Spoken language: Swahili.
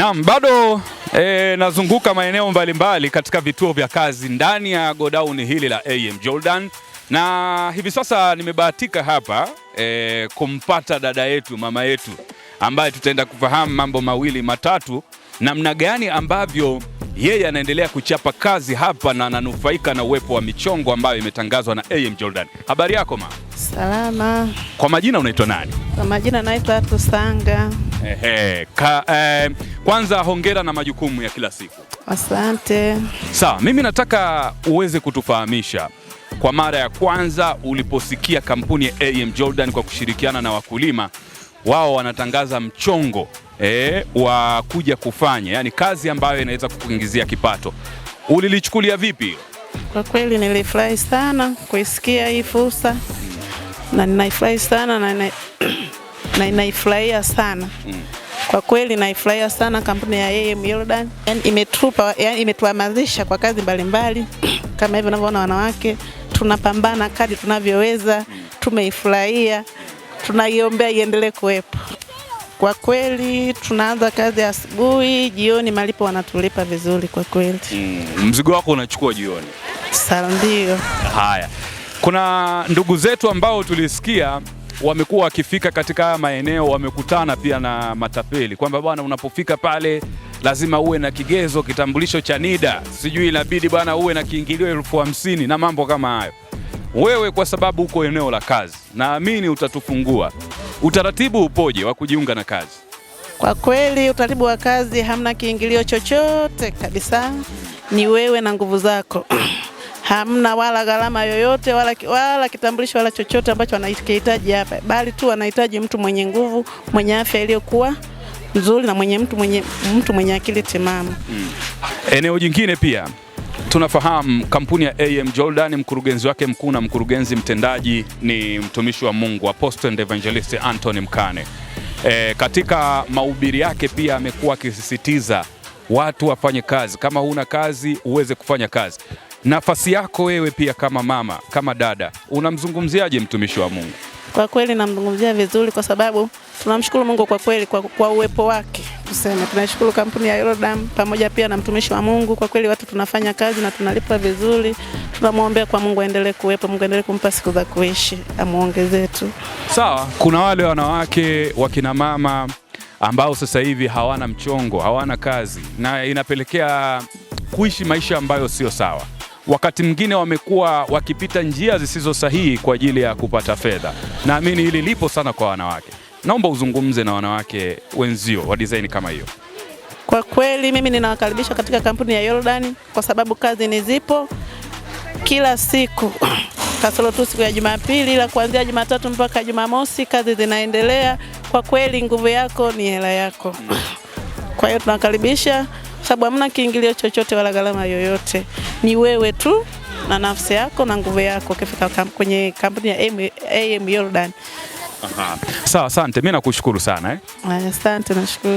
Naam, bado e, nazunguka maeneo mbalimbali katika vituo vya kazi ndani ya godown hili la AM Jordan, na hivi sasa nimebahatika hapa e, kumpata dada yetu, mama yetu ambaye tutaenda kufahamu mambo mawili matatu, namna gani ambavyo yeye anaendelea kuchapa kazi hapa na ananufaika na uwepo wa michongo ambayo imetangazwa na AM Jordan. Habari yako ma? Salama. Kwa majina unaitwa nani? Kwa majina naitwa Tusanga. Ehe, ka, eh, kwanza hongera na majukumu ya kila siku. Asante. Sawa, mimi nataka uweze kutufahamisha kwa mara ya kwanza uliposikia kampuni ya AM Jordan kwa kushirikiana na wakulima wao wanatangaza mchongo eh, wa kuja kufanya, yani kazi ambayo inaweza kukuingizia kipato. Ulilichukulia vipi? Kwa kweli nilifurahi sana kuisikia hii fursa na ninaifurahi sana na, na inaifurahia sana mm. Kwa kweli naifurahia sana kampuni ya AM Yordan, yani imetupa, yani imetuhamasisha kwa kazi mbalimbali mbali. Kama hivyo unavyoona wanawake tunapambana kadi tunavyoweza, mm. tumeifurahia, tunaiombea iendelee kuwepo. Kwa kweli tunaanza kazi asubuhi, jioni malipo wanatulipa vizuri kwa kweli. Mm, mzigo wako unachukua jioni? Ndio. Haya, kuna ndugu zetu ambao tulisikia wamekuwa wakifika katika haya maeneo, wamekutana pia na matapeli kwamba bwana, unapofika pale lazima uwe na kigezo kitambulisho cha NIDA, sijui inabidi bwana uwe na kiingilio elfu hamsini na mambo kama hayo. Wewe kwa sababu uko eneo la kazi, naamini utatufungua Utaratibu upoje wa kujiunga na kazi? Kwa kweli utaratibu wa kazi hamna kiingilio chochote kabisa, ni wewe na nguvu zako hamna wala gharama yoyote wala, wala kitambulisho wala chochote ambacho wanakihitaji hapa, bali tu wanahitaji mtu mwenye nguvu, mwenye afya iliyokuwa nzuri na mwenye mtu mwenye, mtu mwenye akili timamu Hmm. Eneo jingine pia Tunafahamu kampuni ya AM Jordan, mkurugenzi wake mkuu na mkurugenzi mtendaji ni mtumishi wa Mungu Apostle and Evangelist Anthony Mkane. E, katika mahubiri yake pia amekuwa akisisitiza watu wafanye kazi, kama huna kazi uweze kufanya kazi. Nafasi yako wewe pia kama mama, kama dada, unamzungumziaje mtumishi wa Mungu? Kwa kweli namzungumzia vizuri, kwa sababu tunamshukuru Mungu kwa kweli kwa, kwa uwepo wake tuseme tunashukuru kampuni ya Eurodam pamoja pia na mtumishi wa Mungu. Kwa kweli watu tunafanya kazi na tunalipwa vizuri. Tunamwombea kwa Mungu aendelee kuwepo, Mungu aendelee kumpa siku za kuishi, amuongezee tu. Sawa, kuna wale wanawake wakina mama ambao sasa hivi hawana mchongo, hawana kazi na inapelekea kuishi maisha ambayo sio sawa. Wakati mwingine wamekuwa wakipita njia zisizo sahihi kwa ajili ya kupata fedha. Naamini hili lipo sana kwa wanawake naomba uzungumze na wanawake wenzio wa design kama hiyo. Kwa kweli mimi ninawakaribisha katika kampuni ya Yordani kwa sababu kazi ni zipo kila siku kasoro tu siku ya Jumapili, ila kuanzia Jumatatu mpaka Jumamosi kazi zinaendelea. Kwa kweli nguvu yako ni hela yako. Kwa hiyo tunawakaribisha sababu hamna kiingilio chochote wala gharama yoyote, ni wewe tu na nafsi yako na nguvu yako. Ukifika kwenye kampuni ya AM Yordani Aha. Sawa, asante. Mimi nakushukuru sana eh. Asante, nashukuru.